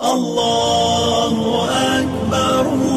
الله أكبر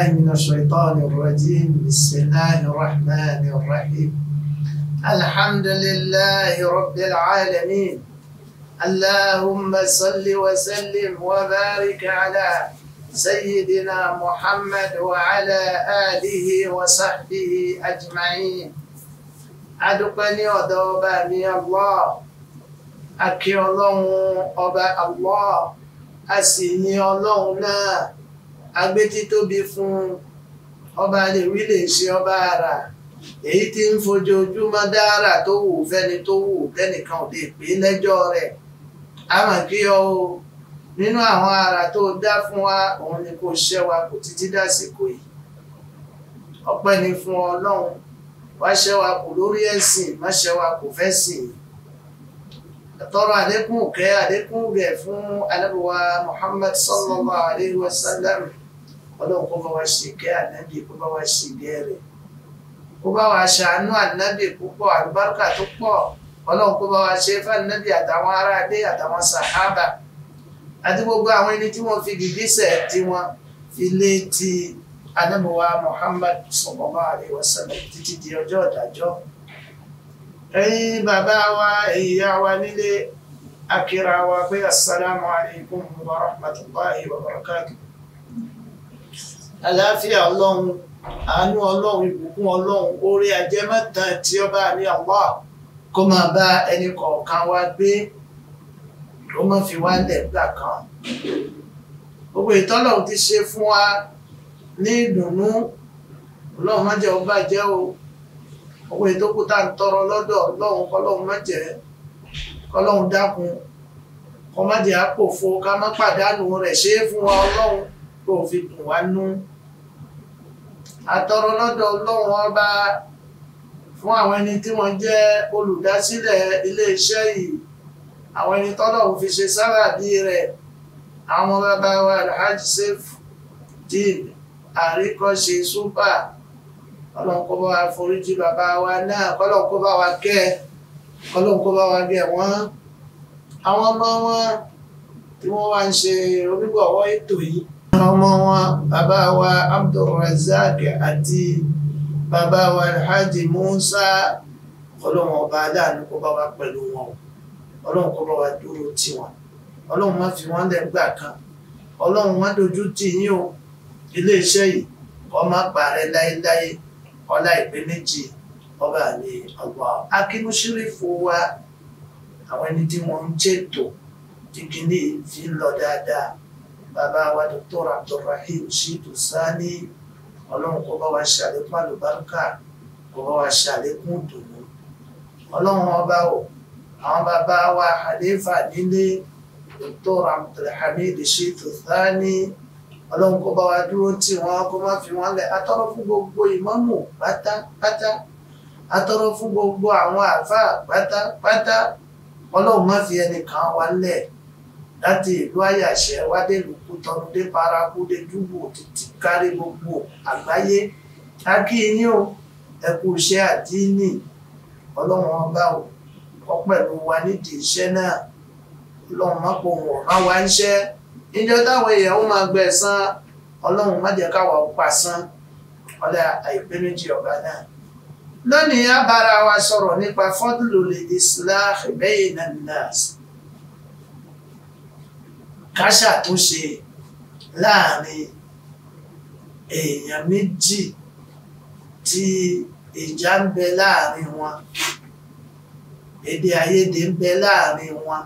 بالله من الشيطان الرجيم بسم الله الرحمن الرحيم الحمد لله رب العالمين اللهم صل وسلم وبارك على سيدنا محمد وعلى آله وصحبه أجمعين أدقني ní ọ̀dọ̀ ọba mi Allah akí ọlọ́run ọba Allah agbétítóbi fún ọba lè wí lè ṣe ọba ara èyí tí ń fojoojúmọ́ dára tó wù fẹ́ni tó wù tẹ́nìkan ò lè pè lẹ́jọ́ rẹ̀ a mọ̀ kí ọ o nínú àwọn ara tó dá fún wa òun ni kò ṣẹ́ wa kò títí dásìkò yìí ọpẹ́ ni fún ọlọ́run wá ṣẹ́ wa kò lórí ẹ̀sìn má ṣẹ́ wa kò fẹ́ sìn tọrọ àlékún kẹ́ àlékún rẹ̀ fún anábíwá Muhammad sallallahu alayhi wa ọlọ́run kó bá wa ṣe ìkẹ́ ànábì kó bá wa ṣe ìdẹ́ rẹ̀ kó bá wa ṣàánú ànábì púpọ̀ àlùbáríkà tó pọ̀ ọlọ́run kó bá wa ṣe fànábì àtàwọn ará ilé àtàwọn sàhábà àti gbogbo àwọn ẹni tí wọ́n fi gìgísẹ̀ tí wọ́n fi lé ti anábọ̀wá Muhammad sallallahu alaihi wasallam títí di ọjọ́ ìdájọ́ ẹ̀yin bàbá wa ìyá wa nílé akíra wa pé assalamu wa rahmatullahi wa barakatuh àlàáfíà ọlọ́run àánú ọlọ́run ìbùkún ọlọ́run orí ajẹmọ́tàn tí ó bá rí ọ̀pọ̀ kó máa bá ẹnì kọ̀ọ̀kan wá gbé ó má fi wá lẹ̀ gbà kan gbogbo ìtọ́lọ́run ti ṣe fún wa ní ìdùnnú ọlọ́run má jẹ́ ó bàjẹ́ o gbogbo ìtókù tá à ń tọrọ lọ́dọ̀ ọlọ́run kọlọ́run má jẹ́ kọlọ́run dákun kọ má jẹ́ àpòfo ká má pàdánù rẹ̀ ṣe é fún wa ọlọ́run kó fi dùn wá nú àtọrọ lọ́dọ̀ ọlọ́run ọba fún àwọn ẹni tí wọ́n jẹ́ olùdásílẹ̀ iléeṣẹ́ yìí àwọn ẹni tọ́lọ́run fi ṣe sábàbí rẹ̀ àwọn bàbá wa alhaji sef dean àríkọ́ṣe súpà ọlọ́nkọ́ bá wa foríjì bàbá wa náà kọ́lọ́nkọ́ bá wa kẹ́ kọ́lọ́nkọ́ wa gẹ̀ wọ́n àwọn ọmọ wọn tí wọ́n wá ń ṣe onígbọ̀wọ́ ètò yìí ọmọ wọn bàbá wa Abdulrazak àti bàbá wa Alhaji Musa ọlọ́run ọba aláàánú kó bá wa pẹ̀lú wọn ọlọ́run kó bá wa dúró tì wọn ọlọ́run má fi wọ́n lẹ̀ gbà kan ọlọ́run má dojú tì yín o iléeṣẹ́ yìí kọ́ má parẹ́ láéláé ọlá ìpín méjì ọba mi ọgbà akínúṣírí fún wa àwọn ẹni tí wọ́n ń ṣètò kíkiní fi ń lọ dáadáa bàbá wa Dr. Abdulrahim Shitu Sani ọlọ́run kó bá wa ṣàlékún àlùbáríkà kó bá wa ṣàlékún ìdùnnú ọlọ́run ọba o àwọn bàbá wa àléfà nílé Dr. Abdulhamid Shitu Sani ọlọ́run kó bá wa dúró tì wọ́n kó má fi wọ́n lẹ̀ atọ́rọ́ fún gbogbo ìmámù pátápátá atọ́rọ́ fún gbogbo àwọn àáfàá pátápátá ọlọ́run má fi ẹnìkan wa lẹ̀ láti ìlú àyàṣẹ wádèlú kútọnudé parakúdé dúbò títí kárí gbogbo àgbáyé a kí yín o ẹ kú iṣẹ́ àdínì ọlọ́run ọba o kọ pẹ̀lú wa nídìí iṣẹ́ náà ọlọ́run má pò wọn má wá iṣẹ́ níjọ́ táwọn èèyàn ó máa gbẹ san ọlọ́run má jẹ́ káwa ó pa san ọlá àìpé méjì ọba náà lónìí a wa sọ̀rọ̀ nípa fọdùlù lè islah bẹyìn náà nìyàsí ká ṣàtúnṣe láàrin èèyàn méjì tí ìjà ń bẹ láàrin wọn èdè àìyedè ń bẹ láàrin wọn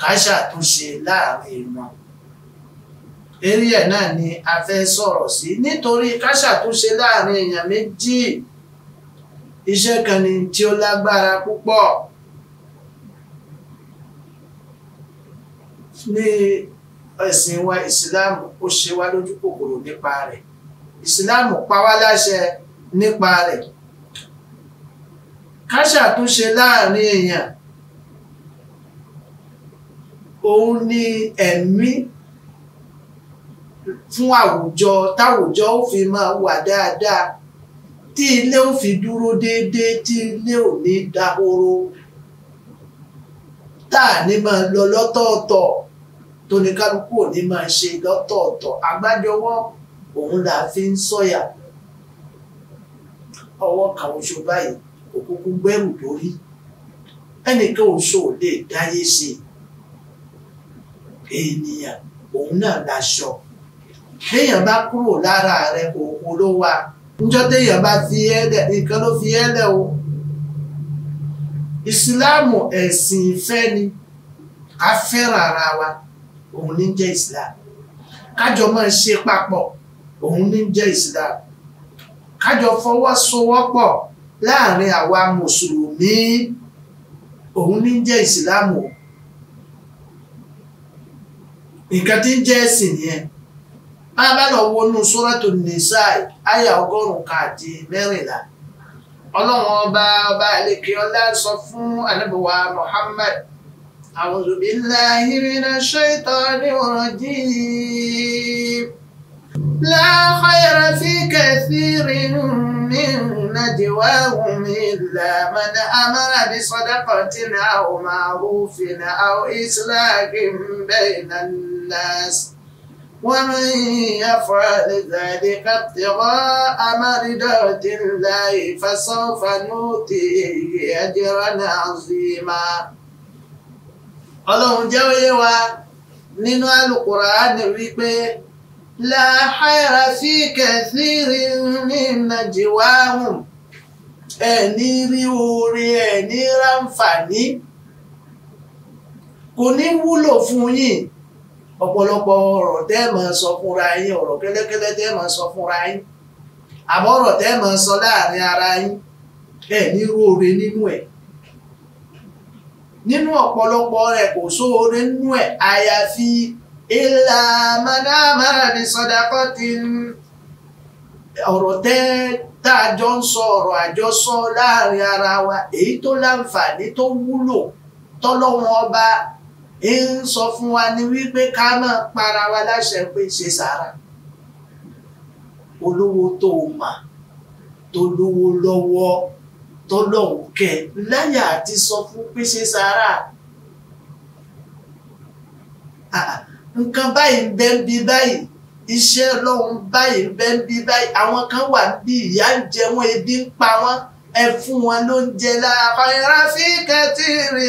ká ṣàtúnṣe láàrin wọn eré ẹ̀ náà ni a fẹ́ sọ̀rọ̀ sí nítorí ká ṣàtúnṣe láàrin èèyàn méjì iṣẹ́ kan ni tí ó lágbára púpọ̀. ní ẹ̀sìn wa ìsìláàmù ó ṣe wá lójú kòkòrò nípa rẹ̀ ìsìláàmù pa wá láṣẹ nípa rẹ̀ ká ṣàtúnṣe láàrin èèyàn òun ni ẹ̀mí fún àwùjọ táwùjọ ó fi máa wà dáadáa tí ilé ó fi dúró déédéé tí ilé ò ní dahoro tá à ní máa lọ lọ́tọ̀ọ̀tọ̀ tó ní kálukú ò ní máa ṣe lọ́tọ̀ọ̀tọ̀ àgbájọwọ́ òun là fi ń sọ̀yà ọwọ́ kan oṣù báyìí òkúkú gbẹ́rù lórí ẹnìkan oṣù ò lè dáyé ṣe ènìyàn òun náà láṣọ téèyàn bá kúrò lára rẹ òun ló wà níjọ́ téèyàn bá fi ẹlẹ nǹkan ló fi ẹlẹ o ìsìláàmù ẹ̀sìn ìfẹ́ ni a fẹ́ràn ara wa òun ní jẹ́ Islam kájọ máa ṣe papọ̀ òun ní jẹ́ Islam kájọ fọwọ́sowọ́pọ̀ láàrin àwa mùsùlùmí òun ní jẹ́ Islam o nǹkan tí ń jẹ́ ẹ̀sìn nìyẹn bá a bá lọ wọnú Suratu Nisa àyà ọgọ́rùn-ún kan mẹ́rìnlá ọlọ́run ọba ọba àlekè ọlá sọ fún anábọ̀wá Muhammad أعوذ بالله من الشيطان الرجيم لا خير في كثير من نجواهم إلا من أمر بصدقة أو معروف أو إسلاك بين الناس ومن يفعل ذلك ابتغاء مرضات الله فسوف نؤتيه أجرا عظيما ọlọ́run jẹ́ oyé wa nínú Al-Qur'ani wípé la khayra fi kathirin min najwahum ẹ̀ní rí oore ẹ̀ní ráǹfààní kò ní wúlò fún yín ọ̀pọ̀lọpọ̀ ọ̀rọ̀ tẹ́ máa sọ fúnra yín ọ̀rọ̀ kẹ́lẹ́kẹ́lẹ́ tẹ́ máa sọ fúnra yín àbọ̀rọ̀ tẹ́ máa sọ láàrin ara yín ẹ̀ní rí oore nínú ẹ̀ nínú ọ̀pọ̀lọpọ̀ rẹ̀ kò sóore nínú ẹ̀ àyàfi ilà màdàmàrà ní sọdakọ́ ti ń ọ̀rọ̀ tẹ́ tá a jọ ń sọ ọ̀rọ̀ àjọsọ láàrin ara wa èyí tó láǹfààní tó wúlò tọ́lọ́wọ́n ọba ń sọ fún wa ní wípé ká máa para wa láṣẹ pé ṣe sàárà olówó tó mà tó lówó lọ́wọ́ tọ́lọ́hùn kẹ láyà àti sọ fún pèsè sàárà nǹkan báyìí ń bẹ ń bí báyìí iṣẹ́ ọlọ́run báyìí ń bẹ ń bí báyìí àwọn kan wà bí ìyà ń jẹ wọn ebi ń pa wọn ẹ fún wọn ló ń jẹ láàpá ẹ̀rá fi kẹ́tì rí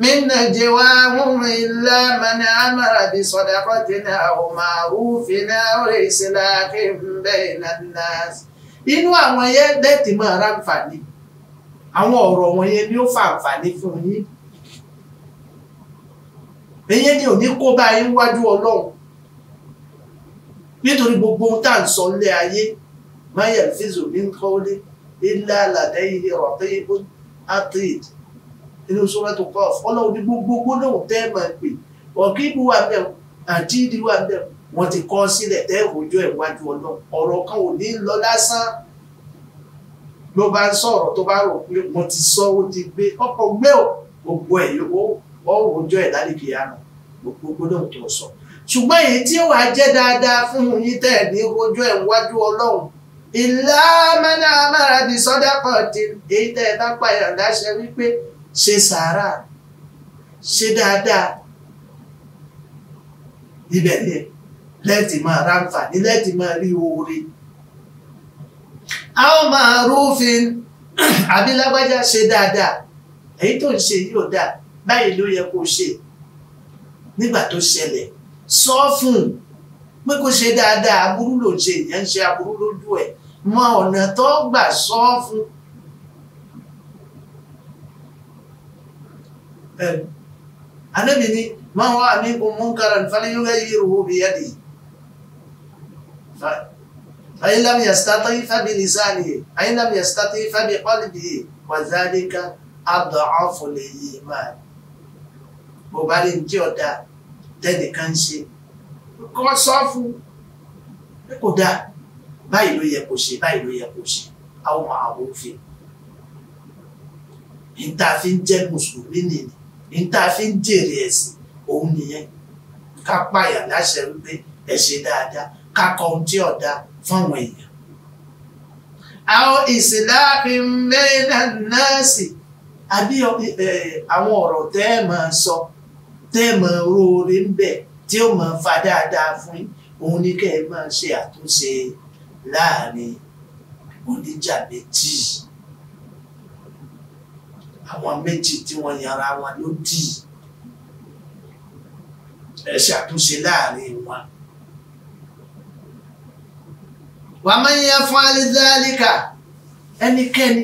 mina jẹwa ahun ilá mani amara bi sọdakọ jẹna àwọn màrúfin náà rè sílá kí n bẹ ìlànà inú àwọn yẹn dẹ́tì máa àwọn ọ̀rọ̀ wọ̀nyẹn ni ó fa àǹfààní fún yín èyí ni ò ní kó bá yín wájú ọlọ́run nítorí gbogbo ohun tá ayé máyà fíìsù ní kọ́lé ilé alàdá ilé ọ̀tẹ́ ibó atrid inú sọ́rọ́ tó kọ́ ọlọ́run ní gbogbo gbólóhùn tẹ́ máa pè ọ̀kíbu wà bẹ̀rù àti ìdí wà bẹ̀rù wọ́n ti kọ́ sílẹ̀ tẹ́ ìwòjọ́ ìwájú ọlọ́run ọ̀rọ̀ kan ò ní lọ lásán ló bá ń sọ̀rọ̀ tó bá rò pé mo ti sọ ó ti gbé ọkọ̀ gbé ò gbogbo ẹ̀ yóò ọ̀rọ̀ ọjọ́ ẹ̀ dáríkì yánu gbogbo gbólóhùn tó sọ ṣùgbọ́n èyí tí ó wàá jẹ́ dáadáa fún yín tẹ̀ ní ojú ẹ̀ wájú ọlọ́run ìlà mẹ́nà amára ní sọ́dá kan ti èyí tẹ̀ bá pààyàn láṣẹ wípé ṣe sàárà ṣe dáadáa ibẹ̀ ni lẹ́ẹ̀tì máa ráǹfà ní lẹ́ẹ̀tì máa rí oore àwọn máa rúfin àbí lágbájá ṣe dáadáa èyí tó ń ṣe yóò dáa báyìí ló yẹ kó ṣe nígbà tó ṣẹlẹ̀ sọ fún un pé kó ṣe dáadáa aburú ló ṣe ìyẹn ń ṣe aburú lójú ẹ̀ mọ ọ̀nà tó gbà sọ fún Ànábì ni man ra'a minkum munkaran falyughayyiru biyadihi فإن لم يستطع فبلسانه فإن لم يستطع فبقلبه وذلك أضعف الإيمان bó bá rí njẹ́ ọ̀dà tẹ́nìkan ń ṣe kọ́ sọ fún pé kò dáa báyìí ló yẹ kó ṣe báyìí ló yẹ kó ṣe àwọn àwọn òfin níta fi ń jẹ́ mùsùlùmí nìyí níta fi ń jèrè ẹ̀sìn òun nìyẹn ká pààyàn láṣẹ wípé ẹ ṣe dáadáa ká kọ ohun tí ọ̀dà fáwọn èèyàn. àwọn ìsìláàfin mẹ́rin nọ́ọ̀sì àbí àwọn ọ̀rọ̀ tẹ́ ẹ máa sọ tẹ́ ẹ máa róore ń bẹ̀ tí ó máa fa dáadáa fún yín òun ní kẹ́ ẹ máa ṣe àtúnṣe láàrin oníjà méjì àwọn méjì tí wọ́n yanra wọn ló dì ẹ ṣàtúnṣe láàrin wọn wà á máa ń yan fún alizalika ẹnikẹ́ni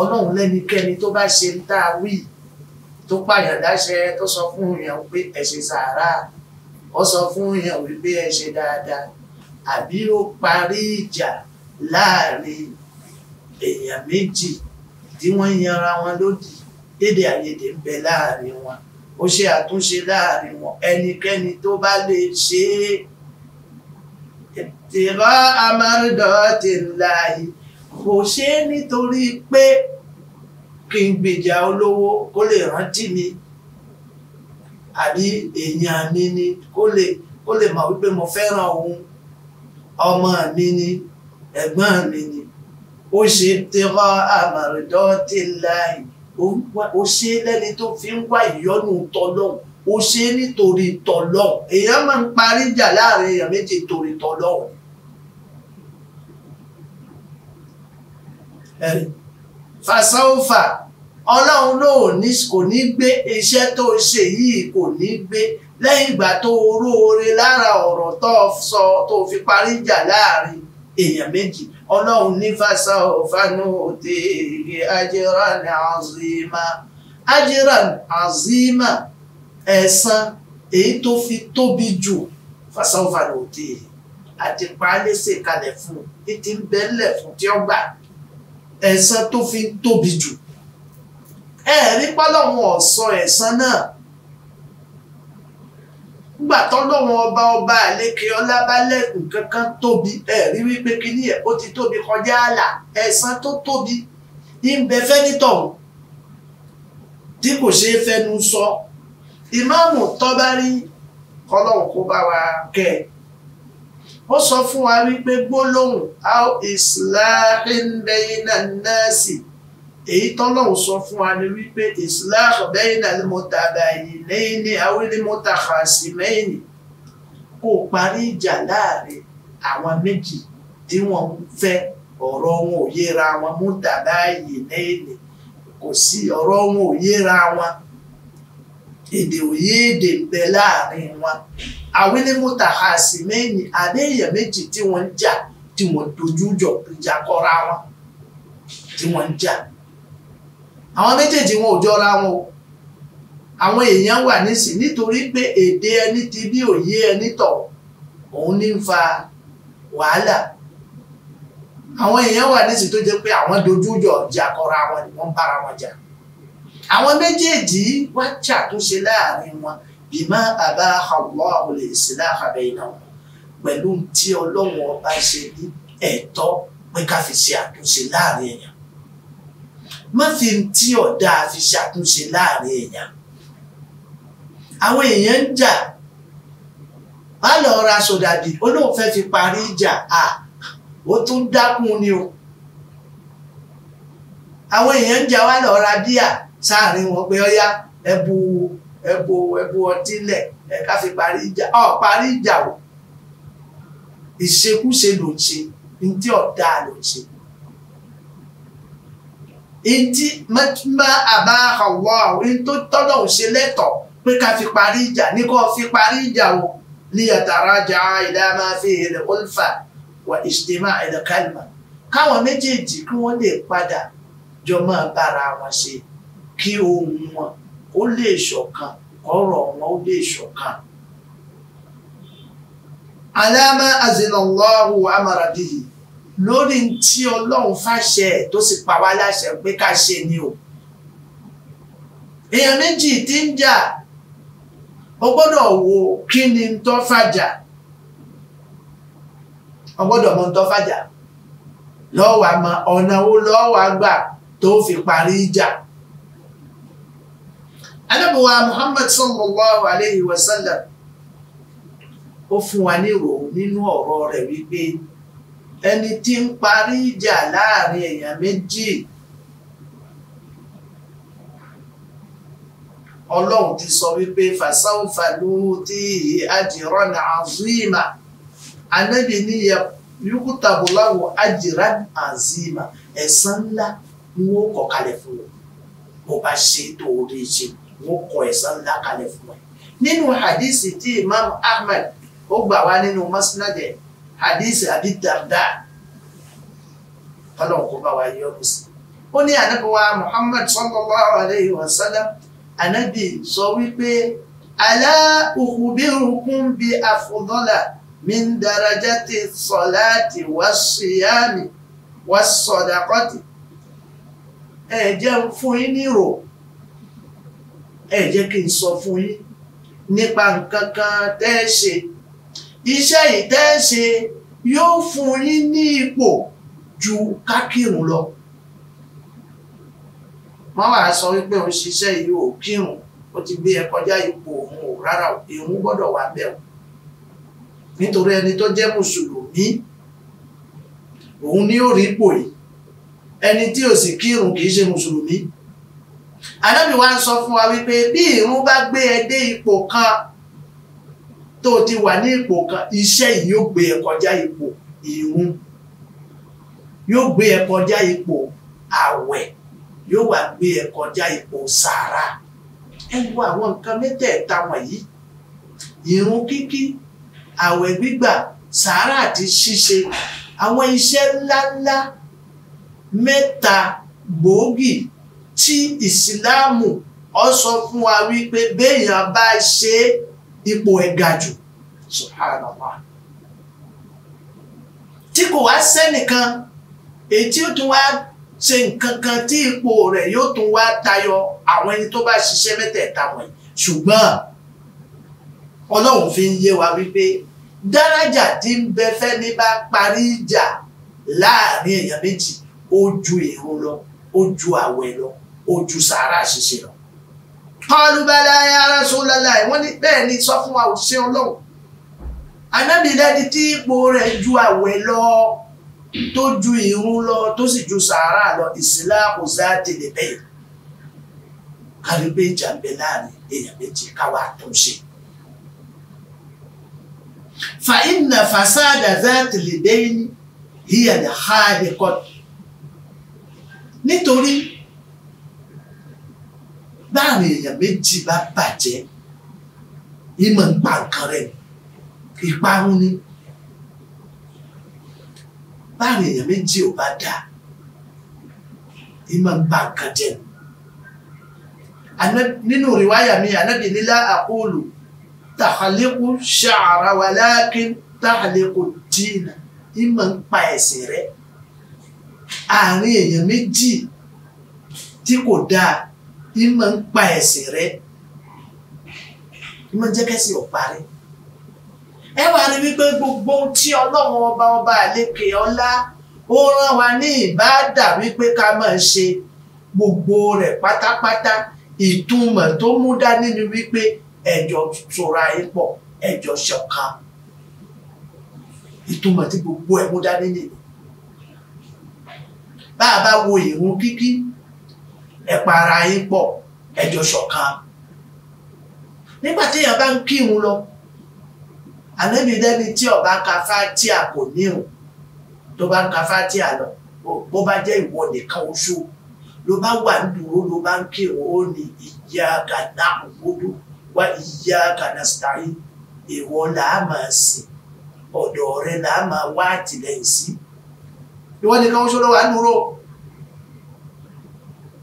ọlọ́run lẹ́nikẹ́ni tó bá ṣe ń tá a wí tó pààyàn dáṣẹ tó sọ fún yàn pé ẹ ṣe sàárà ó sọ fún yàn wípé ẹ ṣe dáadáa àbí ó parí ìjà láàrin èèyàn méjì tí wọ́n yanra wọn lódì dédé àyèdè ń bẹ láàrin wọn ó ṣe àtúnṣe láàrin wọn ẹnikẹ́ni tó bá lè ṣe é ìbtìrá amárùdọ̀tìláì kò ṣe é nítorí pé kí n gbèjà olówó kó lè rántí mi àbí èèyàn mi ni kó lè kó lè mọ̀ wípé mo fẹ́ràn òun ọmọ mi ni ẹ̀gbọ́n mi ni ó ṣe tẹ́rọ amárùdọ̀tìláì ó ṣe lẹ́ni tó fi ń wá ìyọ́nú tọ́lọ́hùn ó ṣe nítorí tọ́lọ́hùn èèyàn máa ń parí ìjà láàrin èèyàn méjì torí tọ́lọ́hùn. ẹ̀rí fàṣọ́fà ọlọ́run ló ní kò ní gbé iṣẹ́ tó ṣe yìí kò ní gbé lẹ́yìn ìgbà tó róore lára ọ̀rọ̀ tó sọ tó fi parí ìjà láàrin èèyàn méjì ọlọ́run ní fàṣọ́fà ní òde ìgbé ajẹ́rà ní azima ajẹ́rà azima ẹ̀san èyí tó fi tóbi jù fàṣọ́fà ní òde àti paálé ṣèkalẹ̀ fún un ètí ń bẹ́ẹ̀lẹ̀ fún tí ó gbà ẹ̀san tó fi ń tóbi jù ẹ̀rí pálọ̀hún ọ̀sán ẹ̀san náà nígbà tọ́lọ́hún ọba ọba àlékè ọlábálẹ̀kùn kankan tóbi ẹ̀rí wípé kíní ẹ̀ ó ti tóbi kọjá àlà ẹ̀san tó tóbi ń bẹ fẹ́nitọ̀ tí kò ṣeé fẹnu sọ ìmáàmù tọ́bárí kọ́lọ́hún kó bá wa kẹ́ ẹ̀ ó sọ fún wa wípé gbólóhùn how islahin bẹ́yìnà nẹ́ẹ̀sì èyí tọ́lọ́hùn sọ fún wa ni wípé islah bẹ́yìnà ni mo tàbí àyè lẹ́yìn ní awílé mo tàkà kò parí ìjà láàrin àwọn méjì tí wọ́n fẹ́ ọ̀rọ̀ wọn ò yéra wọn mo lẹ́yìn kò sí ọ̀rọ̀ wọn ò yéra wọn èdè òyédè ń bẹ láàrin wọn àwínímúta àsìmẹ́yìn àdéhìyàn méjì tí wọ́n ń jà tí wọ́n dojú jọ ìjà kọra wọn tí wọ́n ń jà àwọn méjèèjì wọn ò jọra wọn o àwọn èèyàn wà nísìn nítorí pé èdè ẹni ti bí òye ẹni tọ̀ òun ní ń fa wàhálà àwọn èèyàn wà nísìn tó jẹ́ pé àwọn dojú jọ ìjà kọra wọn ni wọ́n ń bára wọn jà àwọn méjèèjì wá ṣàtúnṣe láàrin wọn bímá àbá Allahu al-islah bainahum pẹ̀lú tí ọlọ́run ọba ṣe ní ẹ̀tọ́ pé ká fi ṣe àtúnṣe láàrin èèyàn má fi tí ọ̀dà fi ṣe àtúnṣe láàrin èèyàn àwọn èèyàn ń jà má lọ ra sọdàbí olóhùn fi parí ìjà à ó tún dákun ni o àwọn èèyàn ń jà wá lọ ra díà sáàrin wọn pé ọyá ẹ bu ẹbo ẹbo ọtí lẹ ẹ ká fi parí ìjà ọ parí ìjà o ìṣekúṣe ló ń ṣe ntí ọ̀dà ló ń ṣe ntí mẹtúmẹ àbáhà wọ àwọn ntó tọ́lọ̀ ń ṣe lẹ́tọ̀ pé ká fi parí ìjà ní kó fi parí ìjà o ní yataraja ila ma fihi al-ulfa wa ijtima' káwọn méjèèjì kí wọ́n lè padà jọ máa bára wọn ṣe kí ohun wọn ó lè ṣọ̀kan ọ̀rọ̀ wọn ó lè ṣọ̀kan. alama azinallahu amaradihi lórí tí ọlọ́run fàṣẹ tó sì pa wá láṣẹ pé ká ṣe ni o èèyàn méjì tí ń jà ó gbọ́dọ̀ wo kí ni ń fàjà ó gbọ́dọ̀ mọ ń fàjà lọ́wọ́ àmọ́ ọ̀nà wo lọ́wọ́ àgbà tó fi parí ìjà anábùwà Muhammad sallallahu alayhi wa sallam ó fún wa nírò nínú ọ̀rọ̀ rẹ̀ wípé ẹni tí ń parí ìjà láàrin èèyàn méjì ọlọ́run ti sọ wípé fàṣàǹfà ló ti àjìrán àzúìmà anábì ní yúkútàbù láwọn àjìrán àzúìmà ńlá ni wọ́n kọ̀kalẹ̀ fún un bá ṣe tó orí ṣe wọ́n kọ ẹ̀san ńlá kalẹ̀ fún ẹ. nínú hadisi tí imam ahmed ó gbà wá nínú masnadẹ hadisi abi darda kọ́lọ̀ kó bá wa yọ ọ́ sí. ó ní ànábì wa muhammad sallallahu alayhi wa sallam ànábì sọ wípé alá ukhbirukum bí afdala min darajati salati was-siyami was-sadaqati ẹ jẹ́ fún yín ẹ jẹ́ kí n sọ fún yín nípa nǹkan kan tẹ́ ẹ ṣe iṣẹ́ yìí tẹ́ ẹ ṣe yóò fún yín ní ipò ju kákírun lọ wọ́n wàá sọ wípé òun ṣiṣẹ́ yìí ò kírun ó ti gbé ẹ e kọjá ipò òun ò rárá òun gbọ́dọ̀ wà bẹ́ẹ̀ nítorí ẹni tó jẹ́ mùsùlùmí òun ni ó rí ipò yìí ẹni tí ò sì kírun kì í ṣe mùsùlùmí ànábì wa ń sọ fún wa wípé bí ìrun bá gbé ẹ dé ipò kan tó ti wà ní ipò kan iṣẹ́ yìí yóò gbé ẹ kọjá ipò ìrun yóò gbé ẹ kọjá ipò àwẹ̀ yóò wá gbé ẹ kọjá ipò sàárà ẹ wo àwọn nǹkan mẹ́tẹ̀ẹ̀ta wọ̀nyí ìrun kíkí àwẹ̀ gbígbà sàárà àti ṣíṣe àwọn iṣẹ́ ńláńlá mẹ́ta gbòógì tí ìsìláàmù ọ sọ fún wa wípé béèyàn bá ṣe ipò ẹ̀gà jù subhanallah tí kò wá sẹ́nìkan èyí tí ó tún wá ṣe nǹkan kan tí ipò rẹ̀ yóò tún wá tayọ àwọn ẹni tó bá ṣiṣẹ́ mẹ́tẹ̀ẹ̀ta wọ̀nyí ṣùgbọ́n ọlọ́run fi ń yé wa wípé dáràjà tí ń bẹ fẹ́ ní bá parí ìjà láàrin èèyàn méjì ó ju èrò lọ ó ju àwẹ̀ lọ ojú sàárà ṣiṣẹ́ lọ. ọlùbẹ̀lẹ̀ ara sọ́lá láì wọ́n ní bẹ́ẹ̀ ni sọ fún wa òṣìṣẹ́ ọlọ́run anábì dẹ́ni tí ipò rẹ̀ ju àwẹ̀ lọ tó ju ìrun lọ tó sì ju sàárà lọ ìsìlá kò sá tèlè bẹ́ẹ̀ kárí pé láàrin èèyàn méjì káwá tó ṣe. fàìnà fàsáàdà zátìlì dẹ́yìn híyà ní háàdì nítorí láàrin èèyàn méjì bá bàjẹ́ ìmọ̀ ń pa nǹkan rẹ̀ ìparun ni láàrin èèyàn méjì ò bá dáa ìmọ̀ ń pa nǹkan jẹ́ nínú rìwáyà mi ànábì nílá àkóòlù tàhálẹ́kù ṣàrà wà láàkín tàhálẹ́kù dínà ìmọ̀ ń pa ẹ̀sìn rẹ̀ àárín èèyàn méjì tí kò dáa ìmọ̀ ń pa ẹ̀sìn rẹ ìmọ̀ ń jẹ́ kẹ́sì ọ̀pá rẹ ẹ wá rí wípé gbogbo tí ọlọ́run ọba ọba àlékè ọlá ó rán wa ní ìbáàdà wípé ká máa ṣe gbogbo rẹ̀ pátápátá ìtumọ̀ tó mú dání ni wípé ẹ̀jọ̀ ṣọ́ra yín pọ̀ ẹ̀jọ̀ ṣọ̀kan ìtumọ̀ tí gbogbo ẹ̀ mú dání nìyí bá a bá wo ìrun kíkí ẹ para yín pọ̀ ẹ jọ ṣọ̀kan nígbà tí èèyàn bá ń kírun lọ ànábì tí ó ka fátíà kò níhùn tó bá ń ka fátíà lọ bó bá jẹ́ ìwọ nìkan oṣù ló bá wà ń dúró ló bá ń kírun ó ní iyyaka na'budu wa iyyaka nasta'in ìwọ làá máa sìn ọ̀dọ̀ rẹ làá máa wá àtìlẹ́yìn sí ìwọ nìkan oṣù ló wà ń dúró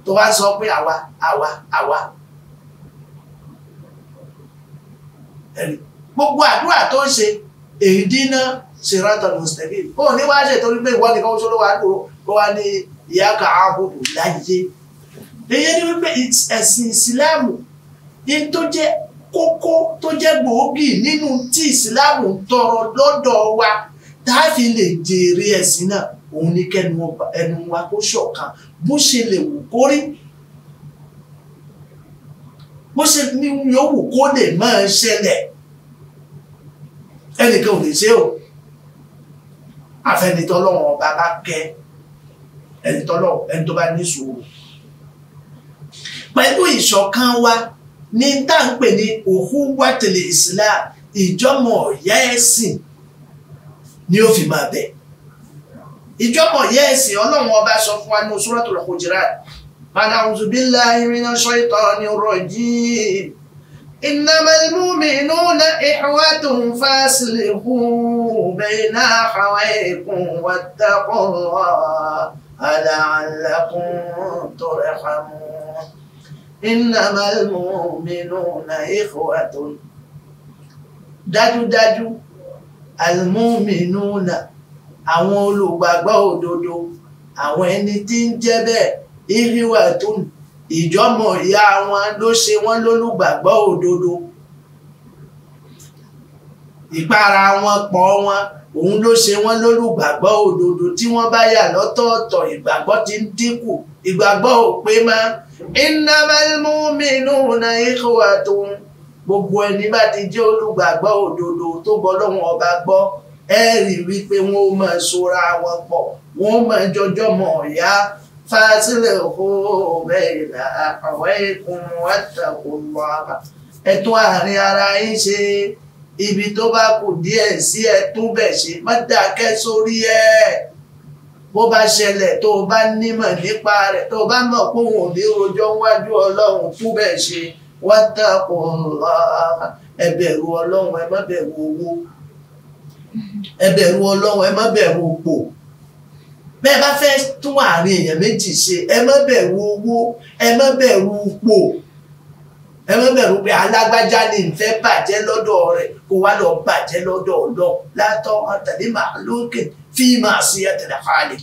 tó wá sọ pé àwa àwa àwa gbogbo àdúrà tó ń ṣe èdínà sèrátọ̀ mùsùlùmí ó ní wá ṣe torí pé ìwọ́n nìkan ṣọ́lọ́wọ́ àdúrà ó wá ní ìyá kan ààbòbò láyé èyí ni wípé ẹ̀sìn ìsìláàmù ní tó jẹ́ kókó tó jẹ́ gbòógì nínú tí ìsìláàmù ń tọrọ lọ́dọ̀ wa tá a fi lè jèrè ẹ̀sìn náà òun ní kẹnu wa kó ṣọ̀kan bó ṣe lè wù kó rí bó ṣe ní yòówù kó lè máa ṣẹlẹ̀ ẹnìkan ò lè ṣe o àfẹnitọ́lọ́wọ́n ọba bá kẹ́ ẹnitọ́lọ́ ẹni tó bá ní sùúrù pẹ̀lú ìṣọ̀kan wa ní tá à ń pè ní òhúwàtìlẹ̀ Islam ìjọmọ̀ ọ̀yá ẹ̀sìn ni ó fi máa bẹ̀ẹ́ ìjọpọ̀ yẹ ẹ̀sìn ọlọ́run ọba sọ fún wa ní Suratul Hujurat a'udhu billahi minash shaitanir rajim innamal mu'minuna ikhwatun faslihu bayna akhawaykum wattaqullaha la'allakum turhamun innamal mu'minuna ikhwatun dájúdájú al-mu'minuna àwọn olùgbàgbọ́ òdodo àwọn ẹni tí ń jẹ́ bẹ́ẹ̀ ìhíwà tó ìjọmọ ìyá wọn ló ṣe wọn lólùgbàgbọ́ òdodo ìpara wọn pọ̀ wọn òun ló ṣe wọn lólùgbàgbọ́ òdodo tí wọ́n bá yà lọ́tọ̀ọ̀tọ̀ ìgbàgbọ́ ti ń dínkù ìgbàgbọ́ ò pé má innamal mu'minuna ikhwatun gbogbo ẹni bá ti jẹ́ olùgbàgbọ́ òdodo tó bọ́ lọ́wọ́ ọba gbọ́ ẹ rí i wípé wọn ó máa sora wọn pọ̀ wọn ó máa jọjọ mọ ọyá fásilẹ òhòòbẹ ìlà àwọn ikùn wàtàkùn lọ àbá ẹtún àárín ara yín ṣe ibi tó bá kù díẹ̀ sí ẹtún bẹ̀ ṣe má dákẹ́ sórí ẹ bó bá ṣẹlẹ̀ tó o bá nímọ̀ nípa rẹ̀ tó o bá mọ̀ pé òun ò ní rojọ́ wájú ọlọ́run tún bẹ̀ ṣe wàtàkùn lọ àbá ẹ bẹ̀rù ẹ má bẹ̀rù owó ẹ bẹ̀rù ọlọ́run ẹ má bẹ̀rù òpò bẹ́ẹ̀ bá fẹ́ tún àárín èèyàn méjì ṣe ẹ má bẹ̀rù owó ẹ má bẹ̀rù òpò ẹ má bẹ̀rù pé alágbájá ni ń fẹ́ bàjẹ́ lọ́dọ̀ rẹ̀ kó wá lọ bàjẹ́ lọ́dọ̀ ọlọ́run látọ̀ àtàlẹ́ màá lókè fí màá sí àtàlẹ́ fáàlì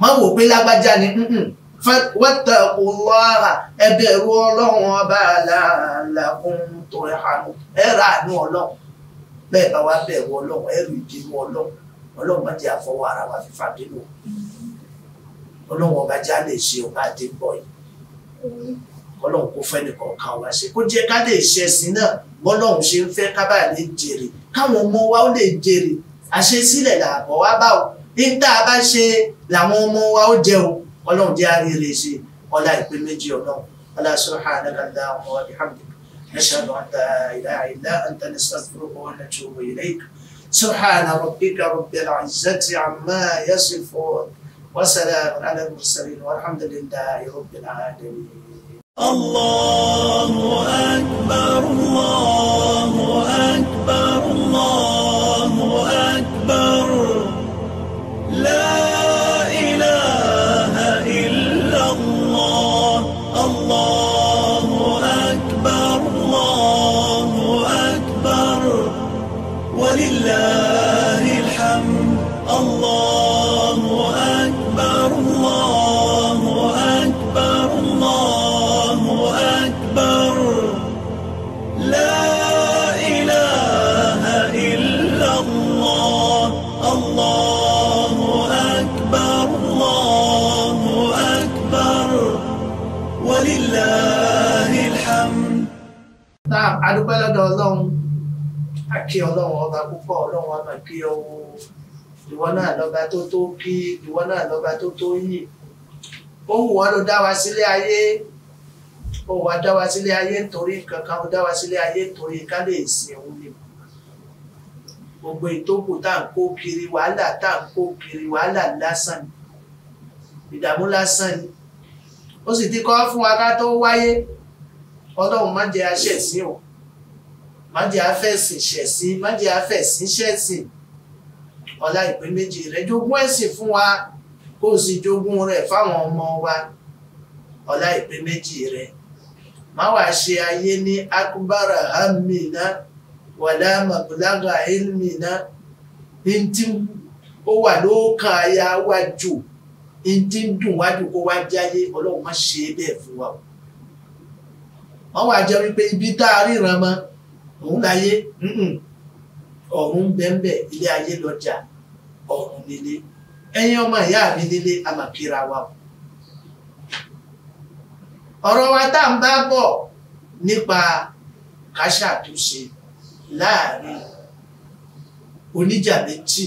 má wò pé lágbájá ni wọ́tàkùn lọ́ra ẹ bẹ̀rù ọlọ́run ọba làlàkùn tó ẹ̀hánú ẹ̀rà àánú ọlọ́run bẹ́ẹ̀ bá wá bẹ̀rù ọlọ́run ẹrù ìdínú ọlọ́run ọlọ́run má jẹ́ àfọwọ́ ara wa fífa dínú ọlọ́run ọba já lè ṣe ọba àti bọ̀ yìí ọlọ́run kó fẹ́ nìkan kan wá ṣe kó jẹ́ ká lè ṣe ẹ̀sìn náà bọ́lọ́run ṣe ń fẹ́ kábà lè jèrè káwọn ọmọ wa ó lè jèrè àṣesílẹ̀ làbọ̀ wá bá o nígbà bá ṣe làwọn ọmọ wa ó jẹ o ọlọ́run jẹ́ àríyànlẹ̀ ṣe ọlá ìpè méjì ọlọ́run ọlá sọ́hà àdàkàdà ọmọ ọdí hàmdì نشهد أن لا إله إلا أنت نستغفرك ونتوب إليك سبحان ربك رب العزة عما يصفون وسلام على المرسلين والحمد لله رب العالمين الله أكبر الله أكبر الله أكبر لا lọ́dọ̀ ọlọ́run a kí ọlọ́run ọba púpọ̀ ọlọ́run a máa kí ọ o ìwọ náà lọ́ba tó tó kí ìwọ náà lọ́ba tó tó yìn ó wù wọ́n ló dá wa sílé ayé ó wà dá wa sílé ayé nítorí nǹkan kan ó dá wa sílé ayé nítorí ká lè sìn òun ni gbogbo ìtókù tá à ń kó kiri wàhálà tá à ń kó kiri wàhálà lásán ni ìdààmú lásán ni ó sì ti kọ́ fún wa ká tó wáyé ọlọ́run má jẹ́ aṣẹ̀sìn o má jẹ́ afẹ́sìn ṣẹ̀sìn má jẹ́ afẹ́sìn ṣẹ̀sìn ọlá ìpín méjì rẹ̀ jogún ẹ̀sìn fún wa kó o sì jogún rẹ̀ fáwọn ọmọ wa ọlá ìpín méjì rẹ̀ má wà ṣe ayé ní akubara hamina wàlá mabulaga ilmina ntí ó wà lóòkàn aya wájú ntí ń dùn wájú kó wá jáyé ọlọ́run má ṣe é bẹ́ẹ̀ fún wa wọ́n wá jẹ́ wípé ibi tá a ríran mọ́ òun láyé ọ̀run bẹ́ẹ̀nbẹ́ ilé ayé lọ́jà ọ̀run nílé ẹ̀yin ọmọ ìyá mi nílé a máa kíra wa o. ọ̀rọ̀ wa tá à ń bá bọ̀ nípa ká ṣàtúnṣe láàrin oníjà méjì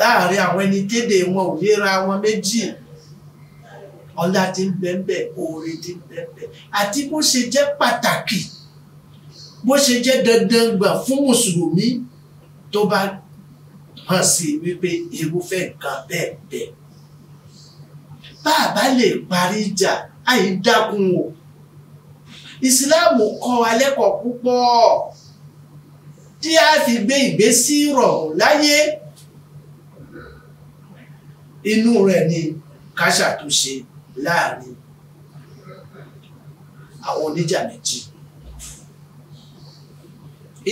láàrin àwọn ẹni kéde wọn ò léra wọn méjì ọlá tí ń bẹ́ẹ̀ bẹ́ẹ̀ oore tí ń bẹ́ẹ̀ bẹ́ẹ̀ àti bó ṣe jẹ́ pàtàkì bó ṣe jẹ́ dandan gbà fún mùsùlùmí tó bá hàn sí wípé irúfẹ́ nǹkan bẹ́ẹ̀ bẹ́ẹ̀ bá a bá lè parí ìjà àì dákun o ìsìláàmù kọ́ wa lẹ́kọ̀ọ́ púpọ̀ tí a fi gbé ìgbésí rọ̀rùn láyé inú rẹ̀ ni ká ṣàtúnṣe láàrin àwọn oníjà méjì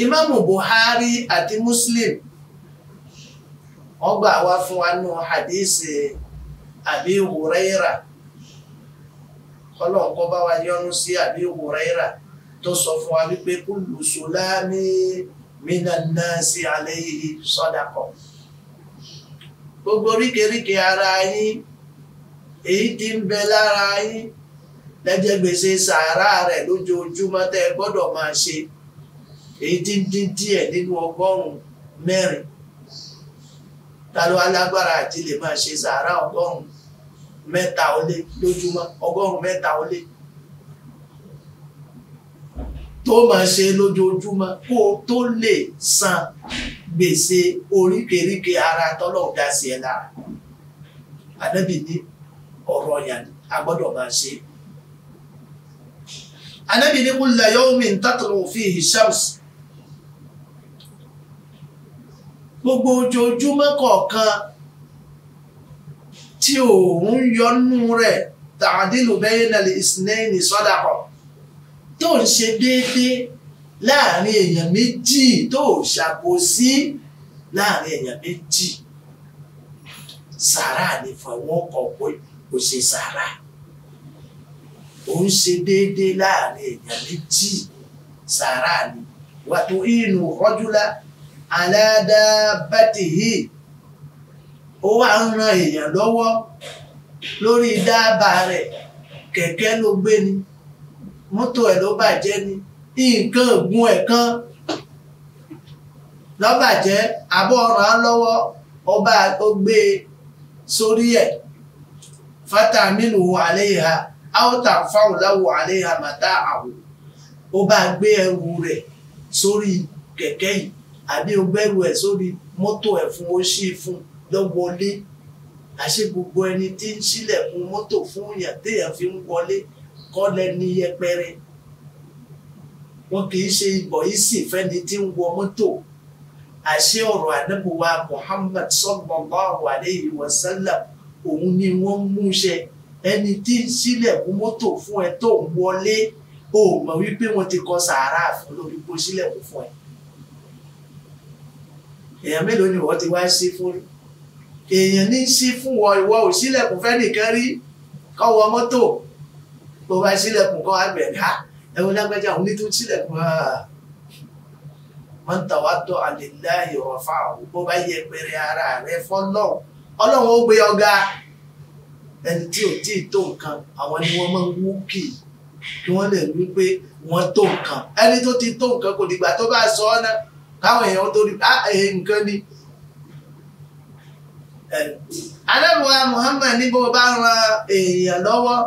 ìmáàmù Buhari àti Muslim wọ́n gbà wá fún wa nù hadisi Abi Huraira ọlọ́run kọ́ bá wa yọ́nú sí Abi Huraira tó sọ fún wa wípé kullu sulami minan nasi alayhi sadaqa gbogbo oríkèríkè ara yín èyí tí ń bẹ lára yín lẹ́jẹ̀ gbèsè rẹ̀ lójoojúmọ́ tẹ́ gbọ́dọ̀ máa ṣe èyí díndín díẹ̀ nínú ọgọ́rùn-ún mẹ́rin ta ló alágbára àti lè máa ṣe sàárà ọgọ́rùn-ún mẹ́ta ó lé lójúmọ́ ọgọ́rùn-ún mẹ́ta ó lé tó máa ṣe lójoojúmọ́ kó o tó lè san gbèsè oríkèéríkè ara tọ́lọ́run dá sí ẹ lára ànábì ní ọ̀rọ̀ ọ̀yàn a máa ṣe ànábì ní kúlẹ̀ yawmin tatlu fihi shams gbogbo ojoojúmọ́ kọ̀ọ̀kan tí òun yọnú rẹ̀ tàdílù bainal isnaini sadaqa tó ń ṣe déédéé láàrin èèyàn méjì tó ṣàbòsí láàrin èèyàn méjì sàrà ní fọwọ́ kọ̀ọ̀pọ̀ kò ṣe sàrà ó ń ṣe déédéé láàrin èèyàn méjì sàrà ní wàtò ìnù rọ́júlá aládàbàtìhì ó wà ń ran èèyàn lọ́wọ́ lórí dábàá rẹ̀ kẹ̀kẹ́ ló gbé ni mọ́tò ẹ̀ ló bàjẹ́ ni nǹkan ògùn ẹ̀ kan lọ́bàjẹ́ abọ́ ràn án lọ́wọ́ ọba ó gbé e sórí ẹ̀ fata aminu aleha aota fawulawo aleha mata awo ó bá gbé ẹrù rẹ̀ sórí kẹ̀kẹ́ yìí àbí o gbẹ́rù ẹ̀ sórí mọ́tò ẹ̀ fún o ṣí fún lọ́wọ́lé àṣé gbogbo ẹni tí ń ṣílẹ̀kùn mọ́tò fún yàn téèyàn fi ń wọlé kọ́lẹ̀ ní yẹpẹrẹ wọn kì í ṣe ibọ̀ yìí sì fẹ́ni tí ń wọ mọ́tò àṣé ọ̀rọ̀ àdẹ́bùwà Muhammad sallallahu alayhi wa sallam òun ni wọ́n mú ṣe ẹni tí ń ṣílẹ̀kùn mọ́tò fún ẹ tó ń wọlé o mọ̀ wípé wọ́n ti kọ sàárà fún lórí bó ṣílẹ̀kùn fún ẹ èèyàn mélòó ni wọ́n ti wá sí fún èèyàn ní sí fún wọ ìwọ ò sílẹ̀kùn fẹ́nìkan rí kọ́ wọ mọ́tò tó bá sílẹ̀kùn kọ́ àgbẹ̀ ká ah, ẹ̀wọ̀n lágbájá òun ní tó sílẹ̀kùn máa ń tàwa tọ́ àlèlá ìrọ̀fà bó bá yẹ pẹ̀rẹ̀ ara rẹ fọ́lọ́ ọlọ́run ó gbé ọ̀gá ẹni tí ò tí ì tó nǹkan àwọn ni wọ́n máa ń wú kì í kí wọ́n lè wí pé wọ́n tó nǹkan ẹni tó ti tó nǹkan kò dìgbà tó bá sọ ọ́ náà káwọn èèyàn tó rí ààyè nǹkan ni anábùwà Muhammad ní bó bá ran èèyàn lọ́wọ́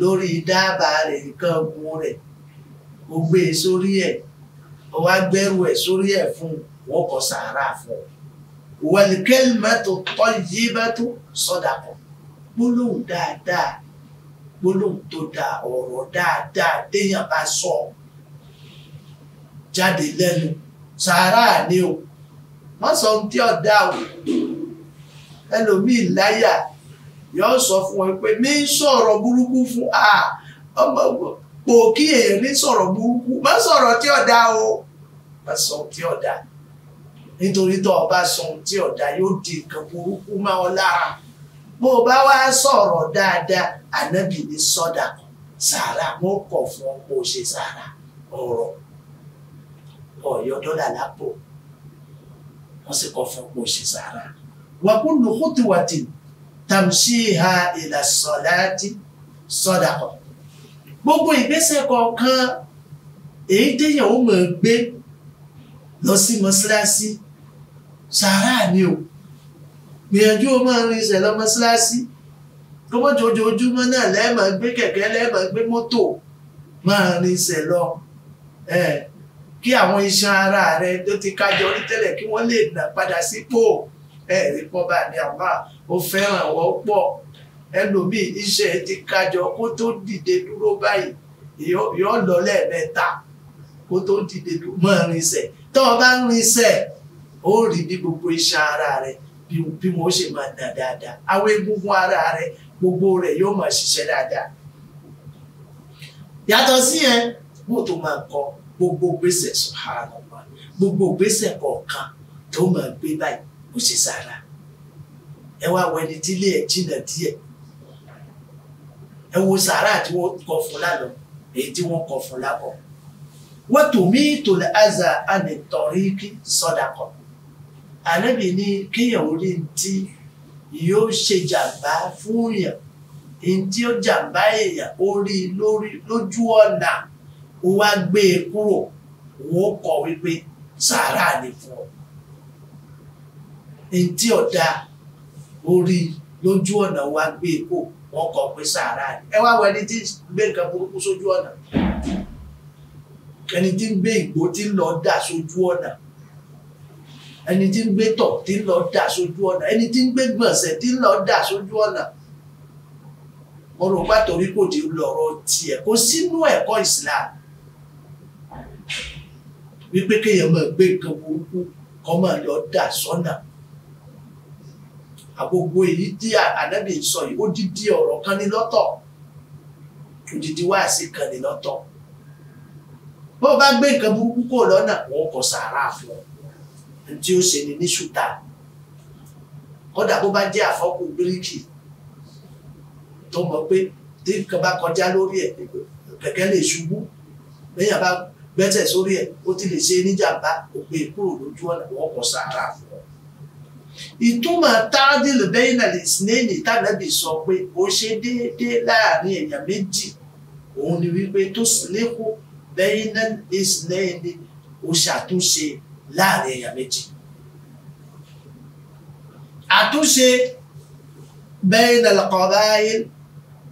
lórí dábàá rẹ̀ nǹkan ogun rẹ̀ ó gbé e sórí ẹ̀ ó wá gbẹ́rù ẹ̀ sórí ẹ̀ fún wọn kọ sàárà fún ọ wẹ̀lìkẹ́lìmẹ́tò tọ́yìíbẹ́tò sọ́dàpọ̀ gbólóhùn dáadáa gbólóhùn tó dáa ọ̀rọ̀ dáadáa téèyàn bá sọ jáde lẹ́nu sàárà ni o wọ́n sọ ohun tí ọ̀dà o ẹlòmíì láyà yóò sọ fún wọn pé mi sọ̀rọ̀ burúkú fún a ọmọ pò kí èèyàn ní sọ̀rọ̀ burúkú má sọ̀rọ̀ tí ọ̀dà o má sọ ohun tí ọ̀dà nítorí tó o bá sọ ohun tí ọ̀dà yóò di nǹkan burúkú má ọ lára bó o bá wá sọ̀rọ̀ dáadáa ànábì ní sọ́dà sàárà mo kọ̀ fún ọ pé o ṣe sàárà ọ̀rọ̀ ọ̀yọ́ dọ́là lápò wọ́n sì kọ́ fún pò ṣe sàárà wa kullu khutuwatin tamshiha ila salati sadaqa gbogbo ìgbésẹ̀ kọ̀ọ̀kan èyí téèyàn ó mọ̀ gbé lọ sí mọ́sálásí sàárà ni o gbìyànjú o máa rin ìṣẹ̀lẹ̀ mọ́sálásí tó bọ́ jojoojúmọ́ náà lẹ́ẹ̀mọ̀ gbé kẹ̀kẹ́ lẹ́ẹ̀mọ̀ gbé mọ́tò máa rin ìṣẹ̀lọ kí àwọn iṣan ara rẹ tó ti kájọ rí tẹ́lẹ̀ kí wọ́n lè nà padà sípò ẹ̀rí pọ́ba ni àmà ó fẹ́ràn wọ́n pọ̀ ẹlòmíì iṣẹ́ ti kájọ kó tó dìde dúró báyìí yóò lọ lẹ́ẹ̀mẹ́ta kó tó dìde dúró mọ́ rinṣẹ́ tó o bá ń rinṣẹ́ ó rí bí gbogbo iṣan ara rẹ bí wọ́n ṣe máa nà dáadáa àwọn egungun ara rẹ gbogbo rẹ yóò máa ṣiṣẹ́ dáadáa yàtọ̀ sí yẹn mo tó máa kọ́ gbogbo gbèsè subhanallah gbogbo gbèsè kọ̀ọ̀kan tó máa gbé báyìí kò ṣe sára ẹ wá wọ ẹni tí ilé ẹ jìnnà díẹ̀ ẹ wo sàárà tí wọ́n kọ fún lánàá èyí tí wọ́n kọ fún lábọ̀ wọ́n tò mí tò lè àzà àmì tọ̀rí kí sọ́dà kọ̀ ànábì ní kéèyàn orí ti yóò ṣe jàǹbá fún yàn èyí ó jàǹbá èèyàn orí lójú ọ̀nà ó wá gbé e kúrò òun ó kọ wípé sàárà ni fún ọ ní tí ọ̀dà orí lójú ọ̀nà wa gbé e kó wọn kọ pé sàárà ni ẹ wá wọ ẹni tí gbé nǹkan burúkú sójú ọ̀nà ẹni tí ń gbé ìgbó tí ń lọ dà sójú ọ̀nà ẹni tí ń gbé tọ̀ tí ń lọ dà sójú ọ̀nà ẹni tí ń gbé gbọ̀nsẹ̀ tí ń lọ dà sójú ọ̀nà mo pàtó rí kò tí ń tiẹ̀ kó sínú ẹ̀kọ́ ìsìlámù wípé kéèyàn máa gbé nǹkan burúkú kọ́ máa lọ dà sọ́nà àgbogbo èyí tí ànábì ń sọ yìí ó dídí ọ̀rọ̀ kan ní lọ́tọ̀ òdìdí wáàsí kan ní lọ́tọ̀ bó bá gbé nǹkan burúkú kò lọ́nà wọn kò sàárà fún ọ tí ó ṣe ni ní ṣùtà kódà bó bá jẹ́ àfọ́kù bíríkì tó mọ̀ pé tí nǹkan bá kọjá lórí ẹ̀ kẹ̀kẹ́ lè ṣubú lẹ́yìn bá gbẹ́sẹ̀ sórí ẹ̀ ó ti lè ṣe níjàmbá kò gbé e kúrò lójú ọ̀nà wọ́n kò sàárà fún ọ. ìtumọ̀ táàdì lẹ́yìn àlè sinẹ́yìn ìtànàbì sọ pé ó ṣe déédéé láàrin èèyàn méjì òun ni wípé tó sílẹ̀kù lẹ́yìn àlè sinẹ́yìn ni ó ṣàtúnṣe láàrin èèyàn méjì. àtúnṣe bẹ́yìn àlè kọ̀ọ̀bá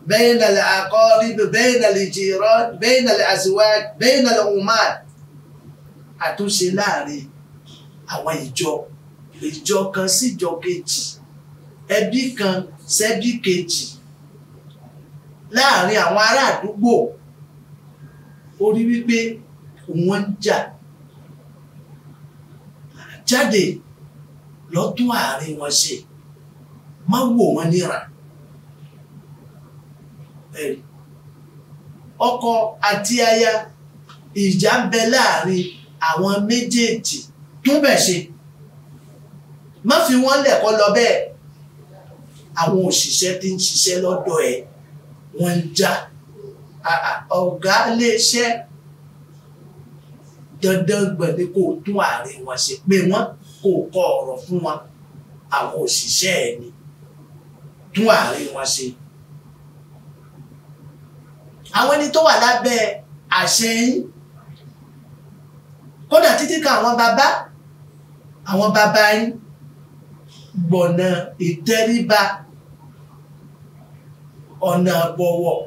بين الأقارب بين الجيران بين الأزواج بين الأمات àtúnṣe láàrin àwọn ìjọ ìjọ kan síjọ kejì ẹbí kan sẹ́bí kejì láàrin àwọn ará àdúgbò ó rí wípé wọ́n ń jà jáde lọ́tún àárín wọn ṣe má wò wọ́n níran bẹ́ẹ̀ ọkọ àti aya ìjà ń bẹ láàrin àwọn méjèèjì tún bẹ̀ ṣe má fi wọ́n lẹ̀kọ́ lọ bẹ́ẹ̀ àwọn òṣìṣẹ́ tí ń ṣiṣẹ́ lọ́dọ̀ ẹ̀ wọ́n ń já ọ̀gá iléeṣẹ́ dandan gbọ̀dé kó tún àárín wọn ṣe pé wọ́n kó kọ ọ̀rọ̀ fún wọn àwọn òṣìṣẹ́ ẹ̀ ni tún àárín wọn ṣe àwọn ẹni tó wà lábẹ́ àṣẹ yín kódà títí kan àwọn bàbá àwọn bàbá yín gbọ̀nà ìtẹríba ọ̀nà àbọ̀wọ̀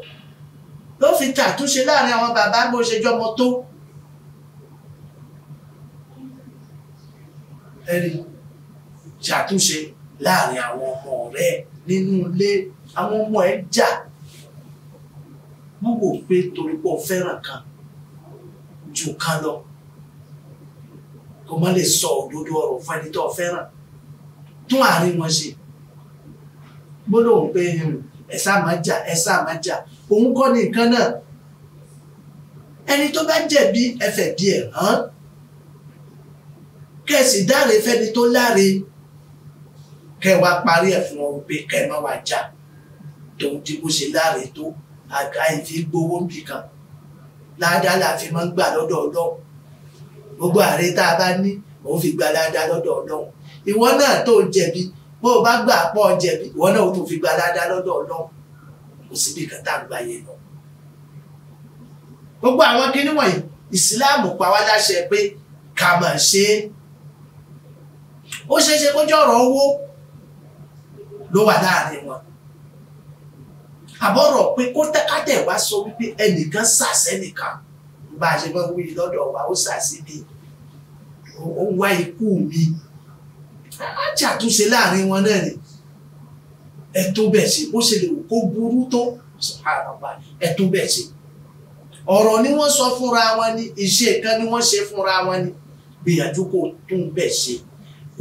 ló fi tàtúnṣe láàrin àwọn bàbá bó ṣe jọmọ tó ẹ̀rí ṣàtúnṣe láàrin àwọn ọmọ rẹ nínú ilé àwọn ọmọ ẹ jà wọ́n wò pé torí pọ̀ fẹ́ràn kan ju kan lọ kò má lè sọ òdodo ọ̀rọ̀ fún ẹni tó fẹ́ràn tún àárín wọn ṣe gbọ́dọ̀ wọ́n pé hmm, ẹ̀sà máa jà ẹ̀sà máa jà òun kọ́ ni nǹkan náà ẹni tó bá jẹ̀bi ẹfẹ̀ díẹ̀ hàn kẹ̀sì dáre fẹ́ni tó láre kẹwàá parí ẹ̀ fún ọ pé kẹ́ ẹ má wàá jà ti bó ṣe láre tó àìsàn fi gbowó bì kan ládàá la fi máa ń gbà lọ́dọ̀ ọlọ́run gbogbo àárẹ̀ tá a bá ní òun fi gba ládàá lọ́dọ̀ ọlọ́run ìwọ náà tó jẹ̀bi bó o bá gbà pọ̀ jẹ̀bi ìwọ náà tó fi gba ládàá lọ́dọ̀ ọlọ́run kò síbi kan tá a gbà yẹn lọ. gbogbo àwọn kinní wọ̀nyí ìsìláàmù pa wá láṣẹ pé ká máa ṣe é ó ṣeé ṣe kó jọ̀rọ̀ owó ló wà láàrin wọn àbọ̀rọ̀ pé kó tẹ́kátẹ̀ wá sọ wípé ẹnìkan sàṣẹ́nìkan bá a ṣe máa wí lọ́dọ̀ wa ó sàṣẹ́ ó wá ikú mi á ṣàtúnṣe láàrin wọn náà ni ẹ̀tọ́ bẹ́ẹ̀ ṣe bó ṣe lè wò kó burú tó ẹ̀tọ́ bẹ́ẹ̀ ṣe ọ̀rọ̀ ni wọ́n sọ fúnra wọn ni ìṣe kan ni wọ́n ṣe fúnra wọn ni gbìyànjú kó tún bẹ́ẹ̀ ṣe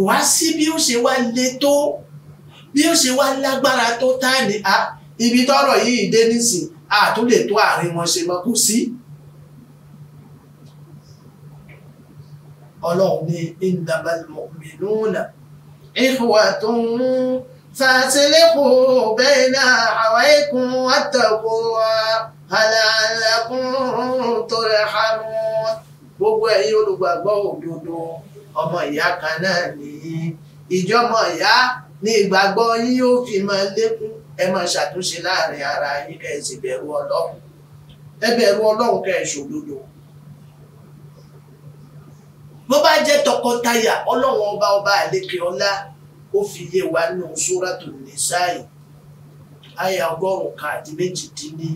wá sí bí ó ṣe wá le tó bí ó ṣe wá lágbára tó tá ní a ibi tọ́rọ̀ yìí dé nísìn àtúndè tó àárín wọn ṣe mọ́ kò sí. ọlọ́run ní innamal mu'minuna ikhwatun fasilihu bayna àwáyékun wattaqwa la'allakum turhamun gbogbo ẹ̀yin olùgbàgbọ́ òdodo ọmọ ìyá kan ìgbàgbọ́ yín fi máa lékún ẹ máa ṣàtúnṣe láàrin ara yín kẹ́ ẹ sì bẹ̀rù ọlọ́run ẹ bẹ̀rù ọlọ́run kẹ́ ẹ ṣòdodo bó bá jẹ́ tọkọtaya ọlọ́run ọba ọba àlekè ọlá ó fi yé wa nù Suratul Nisa'i àyà ọgọ́rùn-ún kan àti méjì dín ní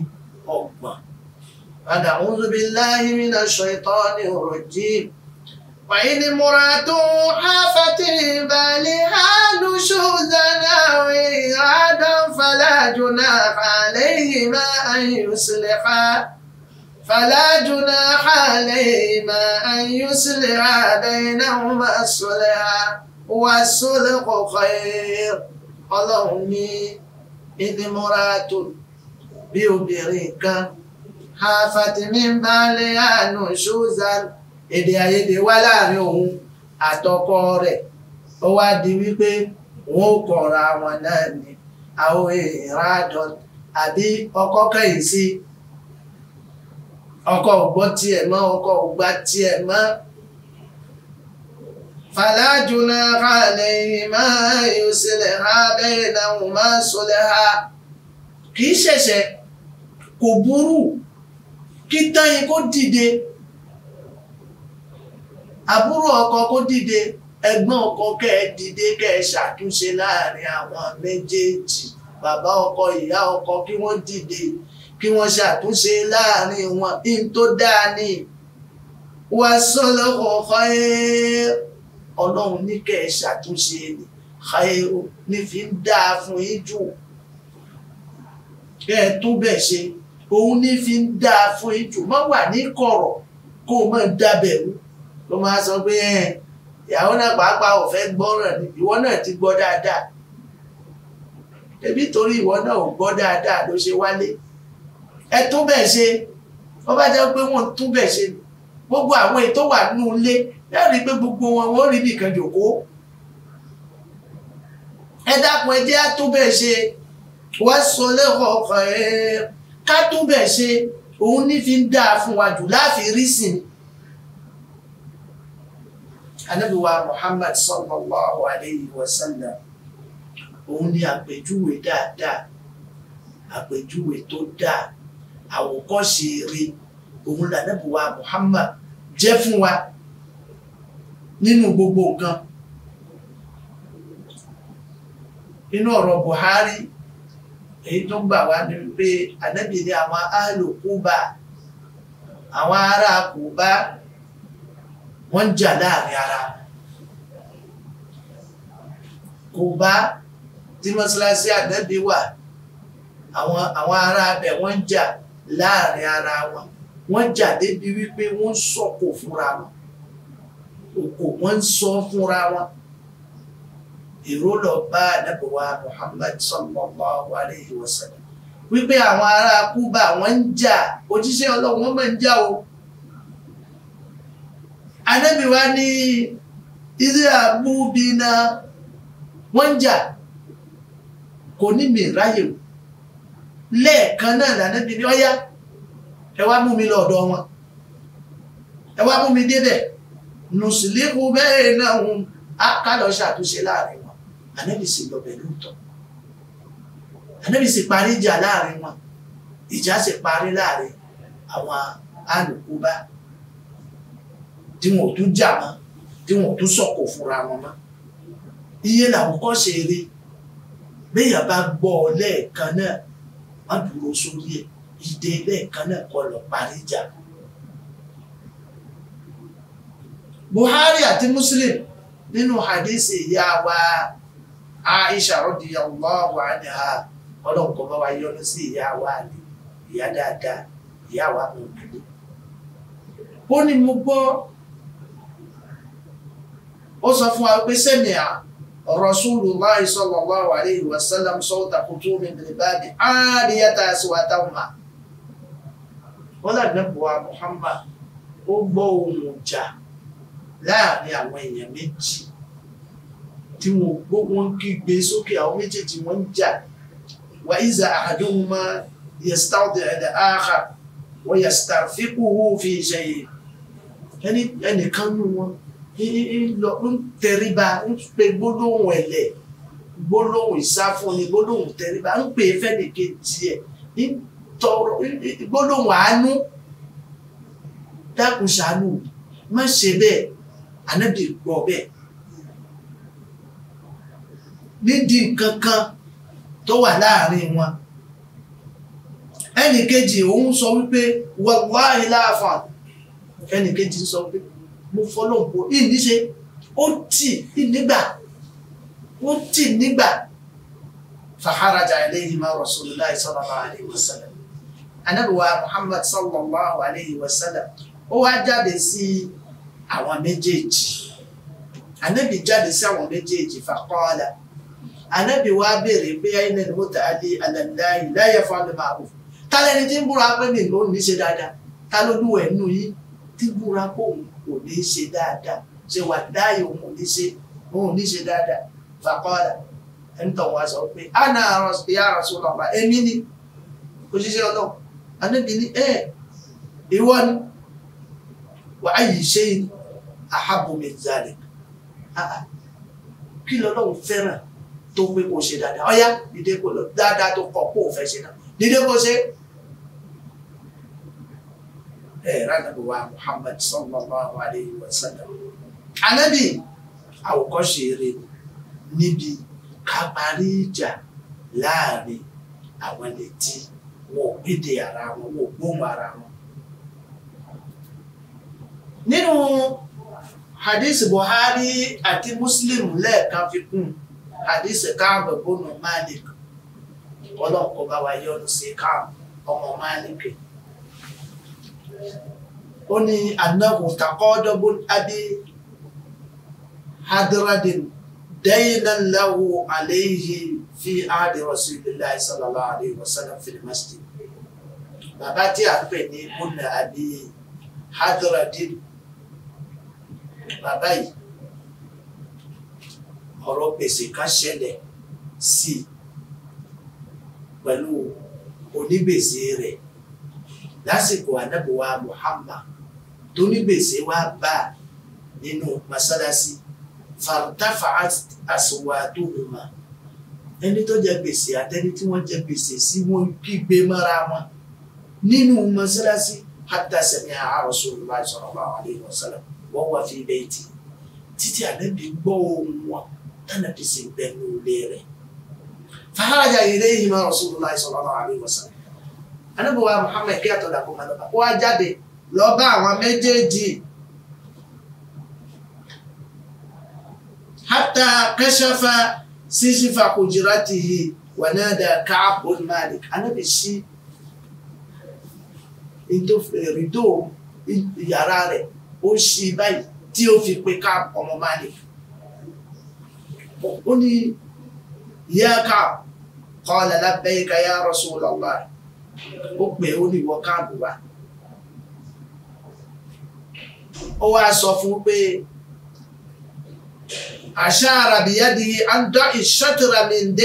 ọgbọ̀n. A'udhu billahi minash shaitanir rajim. وإن مراد حافت بالها نشوزنا وإرادا فلا جناح عليهما أن يصلحا فلا جناح عليهما أن يصلحا بينهما الصلحا والصدق خير اللهم إن مراد bí حافت من بالها نشوزا èdè àìyedè wá láàrin òun àtọkọ rẹ̀ ó wá di wípé wọn ò kọra wọn náà ni àwọn èèrà àdán àbí ọkọ kẹ̀yìn sí ọkọ ò gbọ́ tiẹ̀ mọ́ ọkọ ò gbà tiẹ̀ mọ́. فلا جناح عليهما يصلحا بينهما صلحا kì í ṣẹ̀ṣẹ̀ kò burú kí tán yín kó dìde àbúrò ọkọ kó dìde ẹ̀gbọ́n ọkọ kẹ́ ẹ dìde kẹ́ ẹ ṣàtúnṣe láàrin àwọn méjèèjì bàbá ọkọ ìyá ọkọ kí wọ́n dìde kí wọ́n ṣàtúnṣe láàrin wọn in tó dáa ni wàsánlọ́kọ̀ ọ̀hẹ́ ọlọ́run ní kẹ́ ẹ ṣàtúnṣe ni ṣàyẹ̀wò ní fi ń dáa fún yín jù kẹ́ ẹ tún bẹ̀ ṣe òun ní ń dáa fún yín jù má wà ní kọ̀rọ̀ kó o máa dábẹ̀rù tó máa sọ pé ìyàwó náà pàápàá ò fẹ́ gbọ́ràn ni ìwọ náà ti gbọ́ dáadáa ebi torí ìwọ náà ò gbọ́ dáadáa ló ṣe wálé ẹ tún bẹ̀ ṣe wọ́n bá jẹ́ pé wọ́n tún bẹ̀ ṣe gbogbo àwọn ètò wà nínú ilé ẹ rí i pé gbogbo wọn wọ́n rí nìkan jòkó ẹ dákun ẹ á tún bẹ̀ ṣe wọ́n sọ lẹ́kọ̀ọ́ ọkàn ẹ̀ ká tún bẹ̀ ṣe òun ní fi ń dáa fún wa jù láàfin rí sìn ni ànábì wa Muhammad sallallahu alayhi wa sallam òun ni àpèjúwe dáadáa àpèjúwe tó dáa àwòkọ́ṣe rere òun lànábì wa Muhammad jẹ́ fún wa nínú gbogbo nǹkan nínú ọ̀rọ̀ Buhari èyí tó ń gbà wá ní wípé ànábì ní àwọn ahlù Kúbà àwọn ará Kúbà wọ́n ń jà láàrin ara kò bá tí mọ́sálásí ànábì wà àwọn àwọn ará abẹ wọ́n ń jà láàrin ara wọn wọ́n jà débi wípé wọ́n sọ̀kò fúnra wọn òkò wọ́n sọ fúnra wọn èrò lọ bá ànábì Muhammad sallallahu alayhi wa sallam wípé àwọn ará Kúbà wọ́n jà òjíṣẹ́ Ọlọ́run wọ́n máa ń jà o anábì wani ní ilé àbúbínà wọ́n ń jà kò ní mi ráyè o lẹ́ẹ̀kan náà lànàbì ní ọ̀yá ẹ wá mú mi lọ ọ̀dọ̀ wọn ẹ wá mú mi débẹ̀ nùsùlẹ́kù bẹ́ẹ̀ náà ń kálọ̀ ṣàtúnṣe láàrin wọn anábì sì lọ bẹ̀ lóòótọ́ anábì sì parí ìjà láàrin wọn ìjà sì parí láàrin àwọn alùpùpù báyìí tí wọn ò tún jà mọ́ tí wọn ò tún sọ̀kò fúnra wọn mọ́ iye làwọn kọ́ ṣe eré béèyàn bá gbọ́ ọ lẹ́ẹ̀kan náà má dúró sórí ẹ̀ ìdè lẹ́ẹ̀kan náà kọ́ lọ parí ìjà. Buhari àti Muslim nínú hadisi ìyá wa Aisha radiyallahu anha ọlọ́nkọ́ bá wa yọ́nú sí ìyá wa ni ìyá dáadáa ìyá wa mọ̀ nílé. ó ní mo gbọ́ ó sọ fún wa pé sẹ́mìà Rasulullahi sallallahu alayhi wa sallam sawta qutumin bil babi ariyata aswatahuma wọ́n làgbẹ́pọ̀ wa Muhammad ó gbọ́ ohun ọjà láàrin àwọn èèyàn méjì tí wọ́n gbó wọn kígbe sókè àwọn méjèèjì wọ́n ń jà wà ìzà àdúnmá yẹ̀stáwọ̀dẹ̀ ẹ̀dẹ̀ áhà wọ́n yẹ̀stáfíkúhù fi ṣe ẹnìkan nú wọn lọ ń tẹríba ń pe gbólóhùn ẹ̀lẹ̀ gbólóhùn ìsáfúnni gbólóhùn tẹríba ń pè é fẹ́nìkejì tọrọ gbólóhùn àánú dákun ṣàánú má ṣe bẹ́ẹ̀ ànábì gbọ́ bẹ́ẹ̀ nídìí nǹkan kan tó wà láàrin wọn ẹnìkejì òun sọ wípé wàláhìláàfà ẹnìkejì sọ wípé mo fọlọ́n bò yìí níṣe ó tì í nígbà ó tì nígbà fàháràjà eléyìí máa Rasulullahi sallallahu alayhi wa sallam anábìwá Muhammad sallallahu alayhi wa sallam ó wá jáde sí àwọn méjèèjì anábì jáde sí àwọn méjèèjì faqala anábì wá béèrè pé ayinẹ ni mo tà á di alàndáyì láyé fún abẹ́mọ̀ àbò tálẹ́ni tí ń búra pé mi ló ní ṣe dáadáa tá ló nù yí tí ń búra pé òun kò ní í ṣe dáadáa ṣe wà láàyè òun ò ní ṣe òun ò ní ṣe dáadáa fàkọ́ọ̀dà ẹni tó sọ pé ana ya Rasulullah èmi ni òṣìṣẹ́ ọlọ́ anábì ní ẹ ìwọ ni wà á yìí ṣe ahabbu min zalik kí lọ́lọ́run fẹ́ràn tó pé kò ṣe dáadáa ọ̀yá dídé kò lọ dáadáa tó kọ̀ kó o fẹ́ ṣe náà dídé kò ṣe ẹ̀rọ eh, anábìwá Muhammad sallallahu alayhi wa sallam anábì àwòkọ́ṣe rẹ̀ níbi ká parí ìjà láàrin àwọn ẹni tí wọn ò gbéde ara wọn wọn ò ara wọn. nínú hadith Buhari ati Muslim lẹ́ẹ̀kan fi kun hadith káàbọ̀ bónú Malik ọlọ́nkọ́ bá wa yọ́nu sí káàbọ̀ ọmọ Malik ó ní anahu takọ́dọ́bù abi hadradin daynan lahu alayhi fi adi rasulillahi sallallahu alayhi wa sallam fil masjid bàbá tí a pè ní múnà abi hadradin bàbá yìí ọ̀rọ̀ gbèsè kan ṣẹlẹ̀ sí pẹ̀lú onígbèsè rẹ̀ lásìkò ànábì wa Muhammad tó ní gbèsè wá bá nínú masalasi fàtàfà aswatuhuma ẹni tó jẹ gbèsè àtẹni tí wọn jẹ gbèsè sí wọn kígbe mọ́ra wọn nínú masalasi hatta sami'a Rasulullah sallallahu alaihi wasallam wa huwa fi baiti títí ànábì gbọ́ ohùn wọn tánàbì sì bẹnu lé rẹ̀ fahāja ilayhima Rasulullah sallallahu alaihi wasallam anábọ̀wá Muhammad kí àtọ̀dà kò máa lọ́ba kó wá jáde lọ bá àwọn méjèèjì hátà kẹsàfà sísífà kùjìrátìhì wà náà dà káàbù Malik anábì sí ìdó yàrá rẹ̀ ó sì báyìí tí ó fi pe káàbù ọmọ Malik ó ní yẹ káàbù qala labbayka ya Rasulullah ó pè ó ní ìwọ káàbù wá ó wá sọ fún pé àṣà àràbíyádì andá ìṣọ́tura mi ń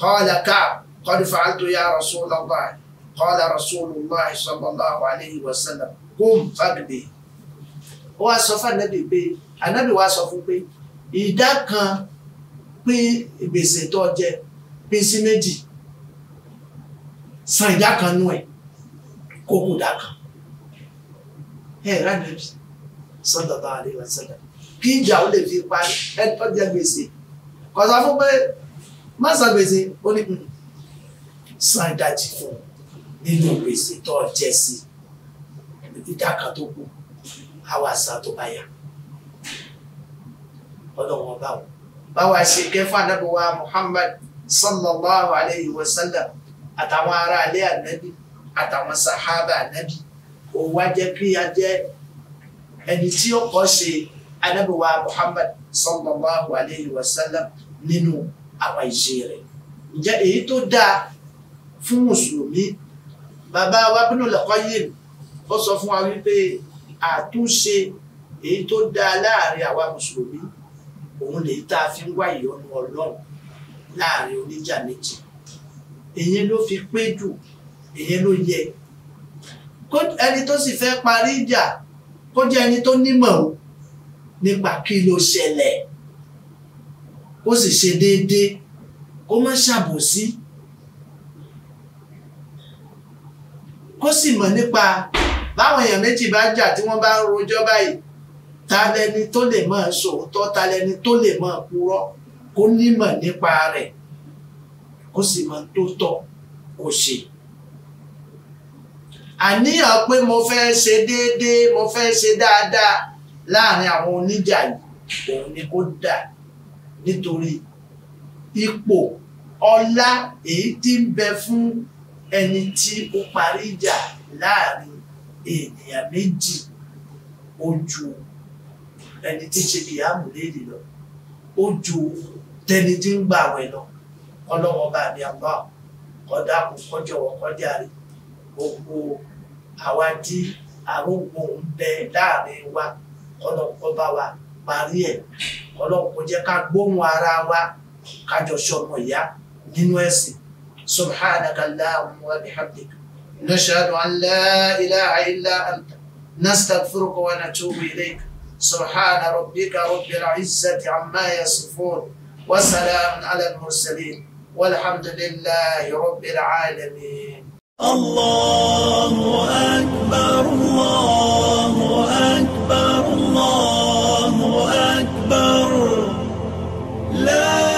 kọ́ọ̀lá káàbù قد فعلت يا رسول الله قال رسول الله صلى الله عليه وسلم قم فاقدي ó wá sọ fún anabi pé anabi wá sọ fún pé ìdá kan pín gbèsè tó jẹ pín sí méjì san ìdá kan nú ẹ̀ kó kù dá kan ẹ̀ ránàbí sọ́dọ̀tà àdéhùn sọ́dọ̀ kí ìjà ó lè fi parí ẹ̀ tó jẹ́ gbèsè kọ̀sá fún pé má san gbèsè ó ní hmm, san ìdajì fún nínú gbèsè tó jẹ sí ìdá kan tó kù àwọn àṣà tó bá yà ọlọ́wọ́n báwo báwa ṣe kẹfà náà Muhammad sallallahu alayhi wa sallam àtàwọn ará ilé ànábì àtàwọn sàhábà ànábì ó wá jẹ́ kí a jẹ́ ẹni tí ó kọ́ ṣe ànábì Muhammad sallallahu alayhi wa sallam nínú àwọn ìṣe rẹ̀ ǹjẹ́ èyí tó dáa fún mùsùlùmí bàbá wa Ibnul Qayyim ó sọ fún wa wípé àtúnṣe èyí tó dáa láàrin àwa mùsùlùmí òun lèyí tá a fi ń wá ìyọ́nú Ọlọ́run láàrin oníjà méjì ìyẹn ló fi pé jù ìyẹn ló yẹ ẹni tó sì fẹ́ parí ìjà kó jẹ́ ẹni tó nímọ̀ o nípa kí ló ṣẹlẹ̀ kó sì ṣe déédéé kó má ṣàbòsí kó sì mọ̀ nípa báwọn èèyàn méjì bá jà tí wọ́n bá ń rojọ́ báyìí ta lẹni tó lè máa sòótọ́ ta lẹni tó lè máa purọ́ kó nímọ̀ nípa rẹ̀ kó sì mọ tó tọ́ kó ṣe àníyàn pé mo fẹ́ ṣe déédéé mo fẹ́ ṣe dáadáa láàrin àwọn oníjà yìí òun ni kó dà nítorí ipò ọlá èyí tí ń bẹ fún ẹni tí ó parí ìjà láàrin ènìyàn méjì ojú ẹni tí ṣe kìí àmúlẹ́rì lọ ojú tẹni tí ń gbàwẹ̀ lọ kọ́lọ́wọ́ bá ní àbá kọ́dá kò kọ́jọ̀wọ́ kọjá rẹ̀ gbogbo àwa tí arúgbó ń bẹ láàrin wa kọ́lọ́kọ́ bá wa parí ẹ̀ kọ́lọ́kọ́ jẹ́ ká gbóhùn ara wa kájọ sọmọ ìyá nínú ẹ̀sìn subhanaka allahumma wa bihamdika nashhadu an la ilaha illa anta nastaghfiruka wa natubu ilayka subhana rabbika rabbil izzati amma yasifun وسلام على المرسلين والحمد لله رب العالمين الله أكبر الله أكبر الله أكبر لا